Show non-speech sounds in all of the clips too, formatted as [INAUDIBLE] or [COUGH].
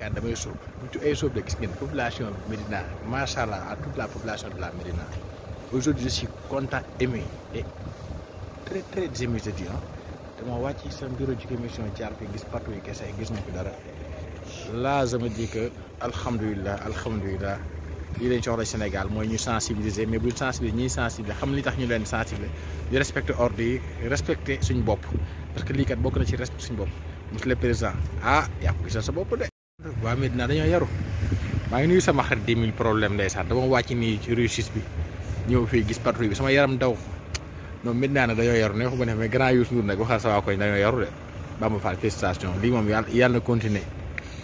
yaakaar damay sóob ci ay sóob la gis ngeen population Médina macha allah à toute la population de la Médina aujourd'hui je suis content aimé et très très ému je dis hein. dama wàcc sama bureau jugee mission jaar fi gis partout yi kese gis ma fi dara là je me dis que alhamdulilah alhamdulilah lii lañ soxla Sénégal mooy ñu sensibiliser mais bu ñu sensibiliser ñuy sensibiliser xam li tax ñu leen sensibiliser di respecter ordre yi respecter suñ bopp parce que lii kat bokk na ci respect suñ bopp monsieur le président ah yaa ko gisal sa bopp de. waa Medina dañoo yaru maa ngi nuyu sama xarit 10 000 problème ndeysaan dama wàcc nii ci réussite bi ñëw fii gis patrouille bi sama yaram daw noonu Medina nag dañoo yaru ne ko ne mais grand Youssou Ndour nag waxal sa waa koñ dañoo yaru de Bamba Fall félicitation lii moom yàlla yàlla na continuer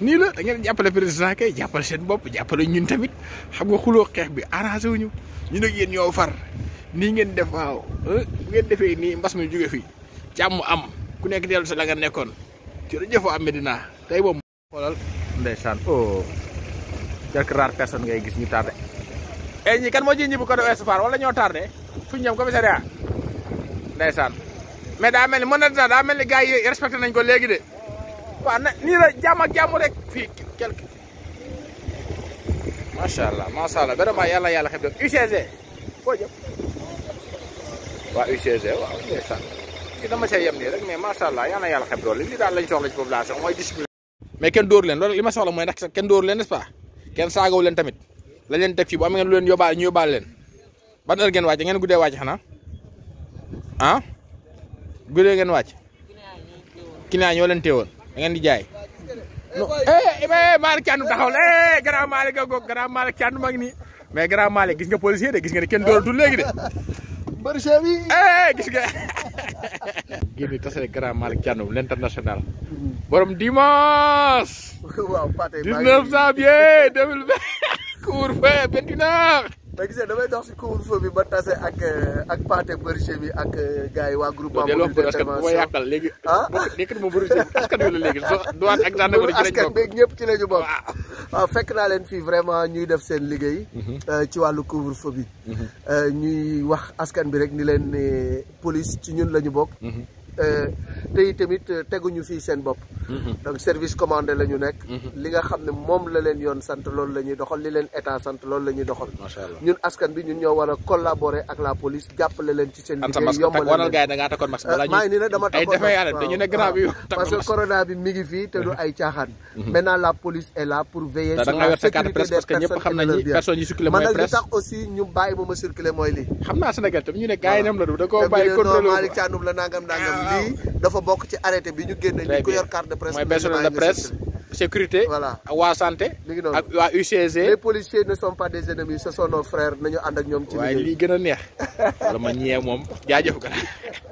nii la da ngeen jàppale président kay jàppale seen bopp jàppale ñun tamit xam nga xuloo xeex bi arrangé wuñu ñu nag yéen ñoo far nii ngeen def waaw ngeen defee nii mbas mi jóge fii jàmm am ku nekk dellu sa la nga nekkoon jërëjëf waa Medina tey moom xoolal ndeysaan oh quelques ya rares personnes ngay gis ñu tardé eh ñi kan mau jinj bu ko do Ouest wala ñoo tardé fu ñu commissariat ndeysaan mais daa mel ni mën na dina daa mel ni gars yi respecté nañ ko léegi de waaw na la ak rek quelque allah masya allah berapa ya lah xeb ya, lah UCG foo jëm waa ya, UCG wah ndeysaan dama see yem nii rek mais allah yàlla xeb doole lii daal lañ soxla ci population mooy discipline mais ken door len lolou lima soxla moy nak ken door len nest pas ken sagaw len tamit la len tek fi bu am ngeen lu len yobal ñu yobal len ban heure ngeen wacc ngeen gude wacc xana han ah? gude ngeen wacc kinaa ñoo len teewon ngeen di jaay non eh eh, eh eh Malick Thiandou taxawul eh grand malik go grand malik Thiandou maa ngi nii mais grand malik gis nga policier de gis nga ken door du legui de bari chef yi eh, eh gis nga [LAUGHS] gi ni tassale grand Malick Thiandou l'international mm-hmm. borom dimanche. waaw Pate dix neuf janvier deux mille vingt [LAUGHS] couvre-feu benn naa. mais gisee damay dox si couvre bi ba tase ak euh, ak Pate Berger bi ak euh, gars yi waa groupement. mu ngi askan bu ma yàqal léegi. ah léegi moom Berger askan wi ak gendarmerie ci ñëpp ci lañu bokk. waaw fekk naa leen fi vraiment ñuy def seen liggéey. Mhm. Euh, ci wàllu couvre-feu bi. Mhm. ñuy wax askan bi rek ni leen ne police ci ñun la ñu bokk. Mhm. Euh, te itamit euh, teguñu fii seen bopp. Mm-hmm. donc service commandé la ñu nekk. Mm-hmm. li nga xam ne moom la leen yoon sant loolu la ñuy li leen état sant loolu la ñuy doxal. macha allah ñun askan bi ñun ñoo war a collaborer ak la police jàppale leen ci seen. liggéey yombal leen gaa takkoon masque balaa euh, maa nii nag dama takkoon masque dañu ne grand bi parce que corona bi mi fii te du ay caaxaan. Mm-hmm. maintenant la police est là pour veiller. sur la sécurité des personnes et de leur bien man circuler mooy lii. lii dafa bokk ci arrêté bi ñu génne ñi ko yor carte de presse mooy personnel de presse sécurité waa santé li ngi noonu ak waa UCG les policiers ne sont pas des ennemis ce sont nos frères nañu ànd ak ñoom ci liggéey waaye lii gën a neex [LAUGHS] wala ma ñee moom jaajëf